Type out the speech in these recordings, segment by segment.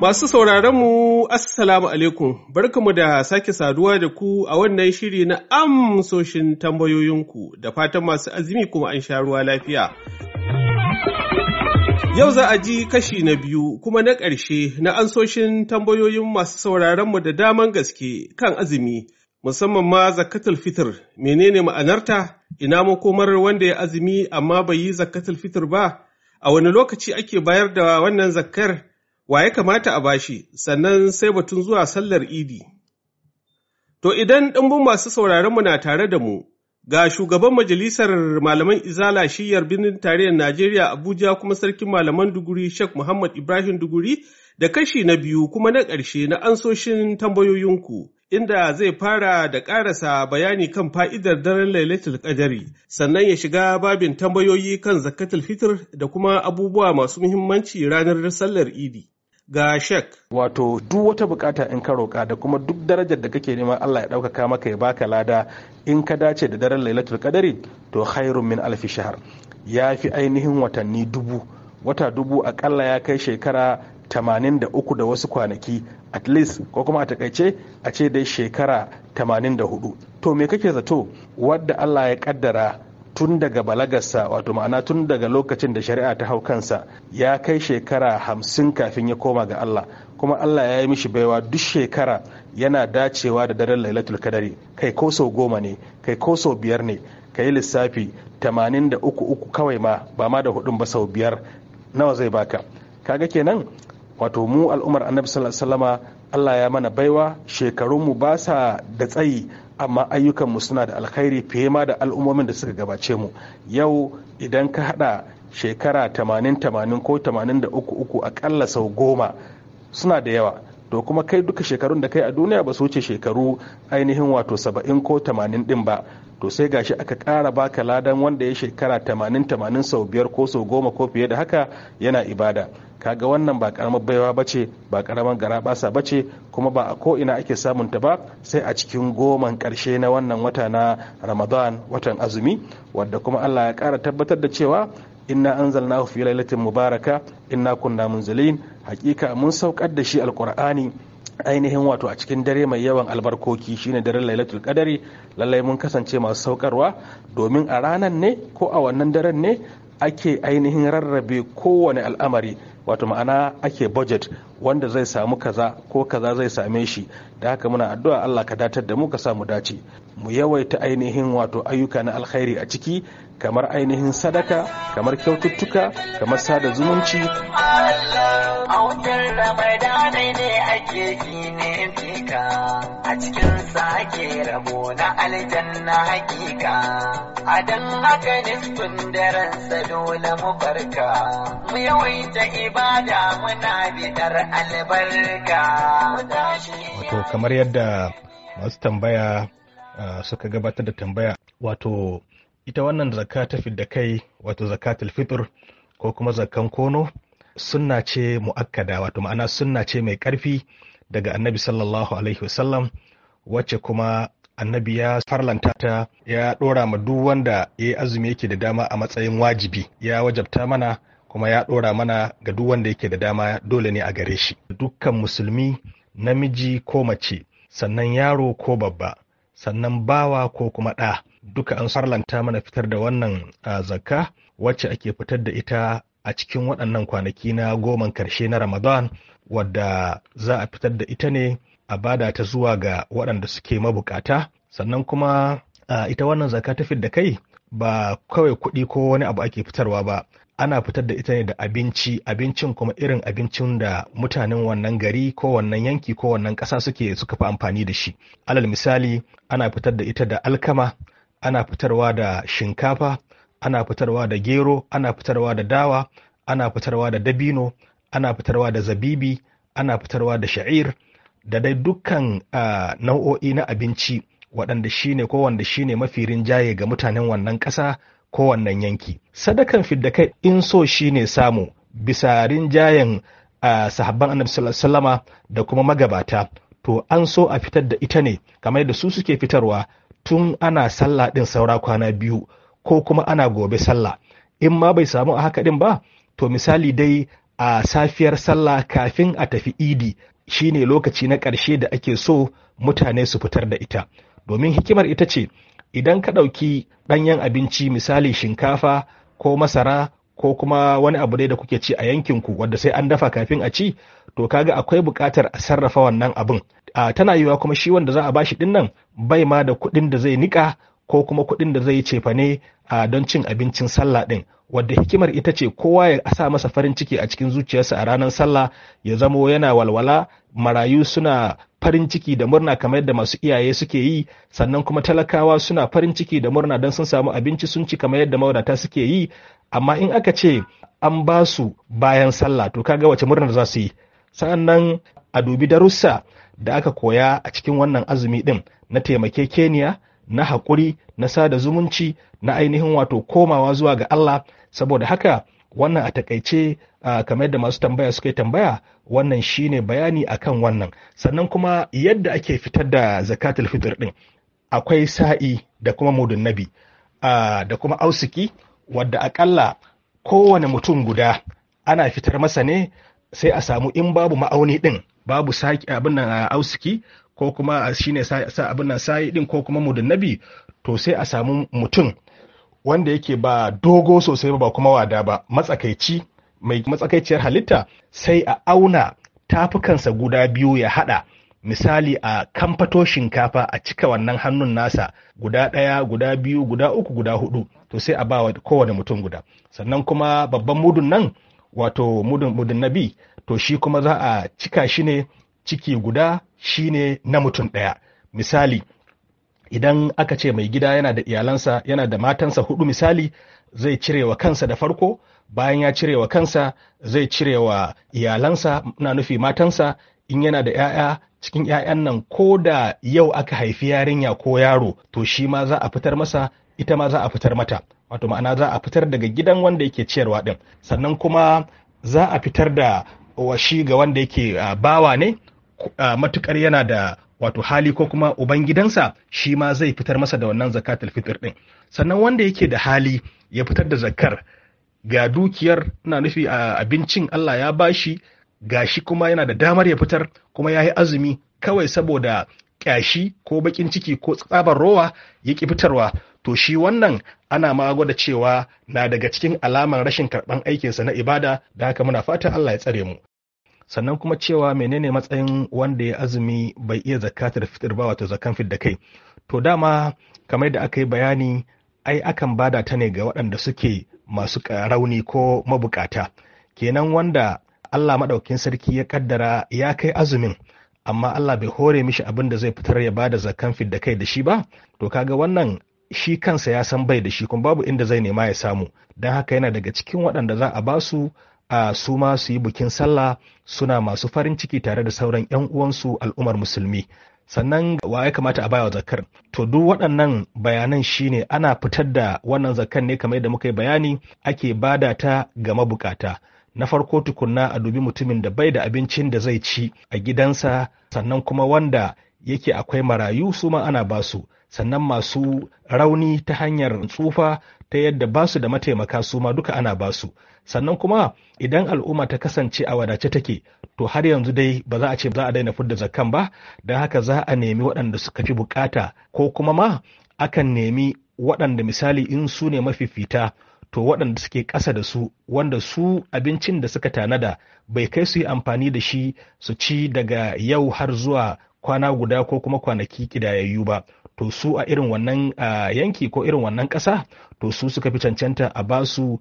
Masu sauraron mu Assalamu alaikum, mu da sake saduwa da ku a wannan shiri na amsoshin tambayoyinku da fatan masu azumi kuma an sha ruwa lafiya. Yau za a ji kashi na biyu kuma na ƙarshe na ansoshin tambayoyin masu sauraron mu da daman gaske kan azumi, musamman ma zakatul fitr, menene ma'anarta, ina makomar wanda ya azumi amma bai yi zakatul fitr ba? a wani lokaci ake bayar da wannan zakkar wa ya kamata a bashi sannan sai batun zuwa sallar idi. To idan ɗumbin masu sauraronmu na tare da mu, ga shugaban majalisar malaman izala shiyar birnin tarayyar Najeriya Abuja kuma sarkin malaman duguri Sheikh Muhammad Ibrahim duguri da kashi na biyu kuma na ƙarshe na ansoshin tambayoyinku inda zai fara da karasa bayani kan fa'idar daren Lailatul ƙadari sannan ya shiga babin tambayoyi kan zakatul fitr da kuma abubuwa masu muhimmanci ranar sallar Idi. Ga shek. Wato duk wata bukata in ka roƙa da kuma duk darajar da kake nema Allah ya ɗaukaka maka ya baka lada in ka dace da daren Lailatul kadari to khairun min alfi shahar. Ya fi ainihin watanni dubu. Wata dubu akalla ya kai shekara 83 da wasu kwanaki at least ko kuma a takaice a ce dai shekara 84 to me kake zato wadda allah ya kaddara tun daga balagarsa wato ma'ana tun daga lokacin da shari'a ta hau kansa ya kai shekara hamsin kafin ya koma ga allah kuma allah ya yi mishi baiwa duk shekara yana dacewa da daren lailatul kadari kai ko sau goma ne kai ko sau biyar ne ka yi lissafi 83 kawai ma ba ma da hudun ba sau biyar nawa zai baka kaga kenan wato mu al'ummar annabi sallallahu alaihi Allah ya mana baiwa shekarunmu ba sa da tsayi amma ayyukanmu suna da alkhairi fiye ma da al'ummomin da suka gabace mu yau idan ka hada shekara 80-80 ko 83 akalla sau goma suna da yawa to kuma kai duka shekarun da kai a duniya ba su wuce shekaru ainihin wato 70 ko 80 din ba to sai gashi aka ƙara baka ladan wanda ya shekara tamanin tamanin sau biyar ko sau goma ko fiye da haka yana ibada kaga wannan ba karamar baiwa ba ce ba karamar garabasa ba ce kuma ba a ko ina ake samun ta ba sai a cikin goman ƙarshe na wannan wata na ramadan watan azumi wadda kuma allah ya kara tabbatar da cewa inna na fi lailatin mubaraka inna kunna munzalin hakika mun saukar da shi alkur'ani. ainihin wato a cikin dare mai yawan albarkoki shine daren lailatul kadari lallai mun kasance masu saukarwa domin a ranan ne ko a wannan daren ne ake ainihin rarrabe kowane al'amari wato ma'ana ake budget wanda zai samu kaza ko kaza zai same shi da haka muna addu'a Allah ka datar da mu ka samu dace mu yawaita ainihin wato ayyuka na alkhairi a ciki kamar ainihin sadaka kamar kyaututtuka kamar sada zumunci a cikin sake rabo na aljanna hakika a don haka nisfin daransa dole mu barka, mu yawaita ibada muna bidar albarka wato kamar yadda masu tambaya ah, suka gabatar da tambaya wato ita wannan zakka ta fidda kai wato zakatul fitr ko kuma zakkan kono sunna ce mu'akkada wato ma'ana sunna ce mai karfi daga annabi sallallahu alaihi wasallam wacce kuma annabi ya farlanta ta ya dora ma duk wanda ya yi azumi yake da dama a matsayin wajibi ya wajabta mana kuma ya dora mana ga duk wanda yake da dama dole ne a gare shi dukkan musulmi namiji ko mace sannan yaro ko babba sannan bawa ko kuma ɗa duka an sarlanta mana fitar da wannan zakka wacce ake fitar da ita a cikin waɗannan kwanaki na goman karshe na ramadan wadda za a fitar da ita ne a bada ta zuwa ga waɗanda suke mabukata sannan kuma a ita wannan zakka ta fidda kai ba kawai kuɗi ko wani abu ake fitarwa ba ana fitar da ita ne da abinci abincin kuma irin abincin da mutanen wannan gari ko wannan yanki ko wannan ƙasa suke suka fi amfani da shi alal misali ana fitar da ita da alkama ana fitarwa da shinkafa ana fitarwa da gero ana fitarwa da dawa ana fitarwa da dabino ana fitarwa da zabibi ana fitarwa da sha'ir da dai dukkan nau'o'i na abinci waɗanda shine ko wanda shine mafi rinjaye ga mutanen wannan ƙasa ko wannan yanki sadakan fidda kai in so shi ne samu bisa rinjayen sahabban annabi sallallahu da kuma magabata to an so a fitar da ita ne kamar da su suke fitarwa tun ana sallah din saura kwana biyu ko kuma ana gobe sallah in ma bai samu a haka din ba to misali dai a safiyar sallah kafin a tafi idi shine lokaci na ƙarshe da ake so mutane su fitar da ita domin hikimar ita ce idan ka ɗauki ɗanyen abinci misali shinkafa ko masara ko kuma wani abu dai da kuke ci a yankinku wadda sai an dafa kafin a ci to kaga akwai buƙatar a sarrafa wannan abin a tana yiwuwa kuma shi wanda za a bashi din nan bai ma da kuɗin da zai niƙa ko kuma kuɗin da zai cefane a don cin abincin sallah ɗin wadda hikimar ita ce kowa ya sa masa farin ciki a cikin zuciyarsa a ranar sallah ya zamo yana walwala marayu suna farin ciki da murna kamar yadda masu iyaye suke yi sannan kuma talakawa suna farin ciki da murna don sun samu abinci sun ci kamar yadda mawadata suke yi amma in aka ce an ba su bayan sallah to kaga wace murnar za su yi nan a dubi darussa da aka koya a cikin wannan azumi ɗin na taimake taimakekeniya na haƙuri na sada zumunci na ainihin wato komawa zuwa ga Allah saboda haka wannan a takaice kamar yadda masu tambaya suka yi tambaya wannan shine bayani akan wannan sannan kuma yadda ake fitar da zakatul fitr ɗin, akwai sa'i da kuma mudun nabi da kuma ausiki wadda akalla kowane mutum guda ana fitar masa ne sai a samu in babu ma'auni din babu saki abin nan ausiki ko kuma shine sa abin nan sayi ɗin ko kuma mudunnabi to sai a samu mutum wanda yake ba dogo sosai ba kuma wada ba matsakaici mai matsakaiciyar halitta sai a auna tafukansa guda biyu ya haɗa misali a kamfato shinkafa a cika wannan hannun nasa guda ɗaya guda biyu guda uku guda hudu to sai a ba kowane mutum guda sannan kuma babban mudun nan wato mudun nabi to shi kuma za a cika shi ne ciki guda shi ne na mutum ɗaya misali idan aka ce mai gida yana da iyalansa yana da matansa hudu misali zai cire wa kansa da farko bayan ya cire wa kansa zai cire wa iyalansa na nufi matansa in yana da 'ya'ya cikin 'ya'yan nan ko da yau aka haifi yarinya ko yaro to shi ma za a fitar masa ita ma za a fitar mata wato ma'ana za a fitar daga gidan wanda yake ciyarwa din sannan kuma za a fitar da washi ga wanda yake ah, bawa ne ah, matukar yana da wato hali ko kuma ubangidansa shi ma zai fitar masa da wannan zakatul fitr din sannan wanda yake da hali ya fitar da zakar ga dukiyar na nufi ah, abincin Allah ya bashi ga shi kuma yana da damar ya fitar kuma ya yi azumi kawai saboda ƙyashi ko baƙin ciki ko tsabar rowa ya ki fitarwa to shi wannan ana ma gwada cewa na daga cikin alamar rashin karɓan aikinsa na ibada da haka muna fatan Allah ya tsare mu sannan kuma cewa menene matsayin wanda ya azumi bai iya zakatar fitar ba wato zakan fit da kai to dama kamar da aka yi bayani ai akan bada ta ne ga waɗanda suke masu rauni ko mabukata kenan wanda Allah maɗaukin sarki ya kaddara ya kai azumin amma Allah bai hore mishi abin da zai fitar ya bada zakan fit da kai da shi ba to kaga wannan shi kansa ya san bai da shi kuma babu inda zai nema ya samu don haka yana daga cikin waɗanda za a ba su a su ma su yi bikin sallah suna masu farin ciki tare da sauran 'yan uwansu al'ummar musulmi sannan wa ya kamata a bawa zakar to duk waɗannan bayanan shine ana fitar da wannan zakar ne kamar da muka yi bayani ake bada ta ga mabukata na farko tukunna a dubi mutumin da bai da abincin da zai ci a gidansa sannan kuma wanda yake akwai marayu su ma ana basu sannan masu rauni ta hanyar tsufa ta yadda ba su da mataimaka su ma duka ana ba su sannan kuma idan al'umma ta kasance a wadace take to har yanzu dai ba za a ce za a daina fudda zakkan ba don haka za a nemi waɗanda suka fi bukata ko kuma ma akan nemi waɗanda misali in su ne mafifita to waɗanda suke ƙasa da su wanda su abincin da suka tanada bai kai su yi amfani da shi su ci daga yau har zuwa kwana guda ko kuma kwanaki kidayayyu ba to su a irin wannan yanki ko irin wannan ƙasa to su suka fi cancanta a basu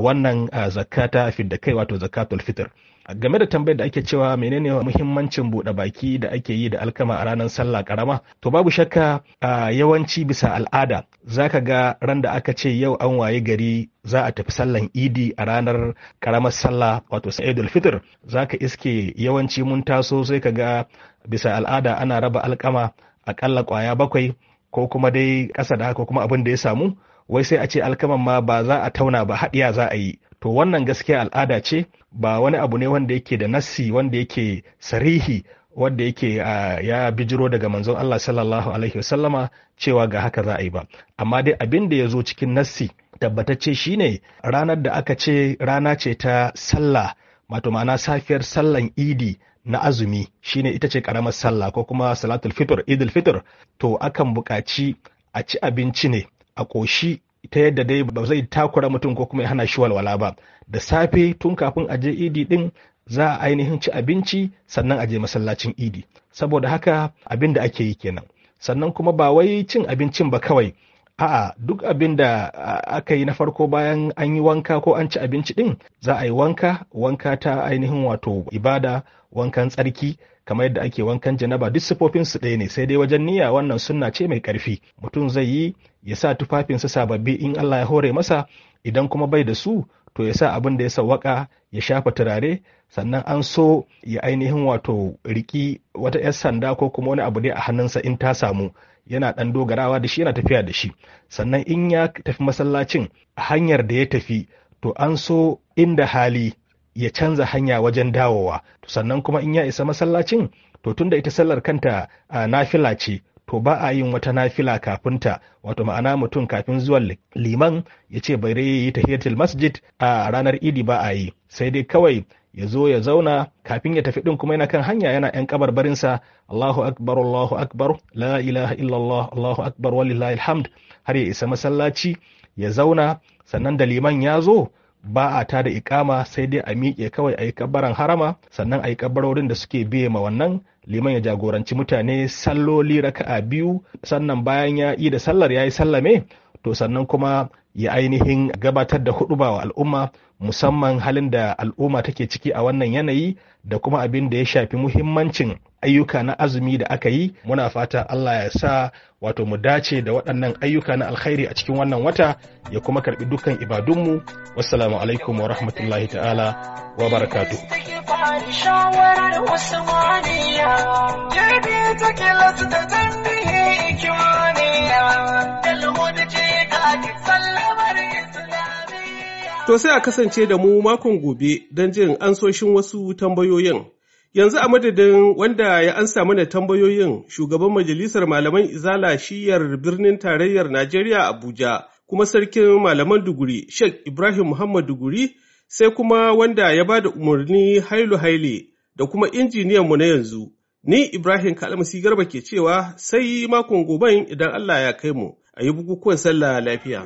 wannan zakata fidda kai wato zakatul fitr game da tambayar da ake cewa menene muhimmancin buɗe baki da ake yi da alkama a ranar sallah karama to babu shakka a yawanci bisa al'ada zaka ga ran da aka ce yau an waye gari za a tafi sallan idi a ranar karamar sallah wato sa'idul fitr zaka iske yawanci mun taso sai ka ga bisa al'ada ana raba alkama akalla kwaya bakwai ko kuma dai ƙasa da haka kuma abin da ya samu wai sai a ce alkaman ma ba za a tauna ba haɗiya za a yi to wannan gaskiya al'ada ce ba wani abu ne wanda yake da nassi wanda yake sarihi wanda yake ya bijiro daga manzon Allah sallallahu alaihi wasallama cewa ga haka za a yi ba amma dai abin da ya zo cikin nassi tabbatacce shine ranar da aka ce rana ce ta sallah wato ma'ana safiyar sallan idi na azumi shine ita ce karamar sallah ko kuma salatul fitr idul fitr to akan buƙaci a ci abinci ne a ƙoshi ta yadda dai ba zai takura mutum ko kuma ya hana shi walwala ba da safe tun kafin a je idi din za a ainihin ci abinci sannan a je masallacin idi saboda haka abin da ake yi kenan sannan kuma ba wai cin abincin ba kawai a'a duk abin da aka yi na farko bayan an yi wanka ko an ci abinci din za a yi wanka wanka ta ainihin wato ibada wankan tsarki kamar yadda ake wankan janaba duk sifofin su ɗaya ne sai dai wajen niyya wannan sunna ce mai ƙarfi mutum zai yi ya sa tufafinsa sababbi in Allah ya hore masa idan kuma bai da su to ya sa abin da ya sawwaka ya shafa turare sannan an so ya ainihin wato riki wata 'yar sanda ko kuma wani abu dai a hannunsa in ta samu yana ɗan dogarawa da shi yana tafiya da shi sannan in ya tafi masallacin a hanyar da ya tafi to an so inda hali ya canza hanya wajen dawowa sannan kuma in ya isa masallacin to tunda ita sallar kanta a nafila ce to ba a yin wata nafila kafin ta wato ma'ana mutum kafin zuwa liman ya ce bai yi tahiyatul masjid a ranar idi ba a yi sai dai kawai ya zo ya zauna kafin ya tafi din kuma yana kan hanya yana yan kabarbarinsa Allahu akbar Allahu akbar la ilaha illallah Allahu akbar walillahi alhamd har ya isa masallaci ya zauna sannan da liman ya zo ba a ta da ikama sai dai a miƙe kawai a yi kabbaran harama sannan a yi kabbarorin da suke biye ma wannan liman ya jagoranci mutane salloli raka'a biyu sannan bayan ya yi da sallar ya yi sallame to sannan kuma ya ainihin gabatar da ba wa al'umma musamman halin da al'umma take ciki a wannan yanayi da kuma abin da ya shafi muhimmancin ayyuka na azumi da aka yi muna fata Allah ya sa wato mu dace da waɗannan ayyuka na alkhairi a cikin wannan wata ya kuma karbi dukkan ibadunmu wassalamu alaikum wa rahmatullahi ta'ala wa barakatuh To sai a kasance da mu makon gobe don jin ansoshin wasu tambayoyin. Yanzu a madadin wanda ya ansa mana tambayoyin shugaban majalisar malaman izala shiyar birnin tarayyar Najeriya Abuja kuma sarkin malaman duguri Sheikh Ibrahim Muhammad duguri sai kuma wanda ya ba da umarni hailu haile da kuma injiniyan mu na yanzu. Ni Ibrahim Kalmasi Garba ke cewa sai makon goben idan Allah ya kai mu a yi bukukuwan sallah lafiya.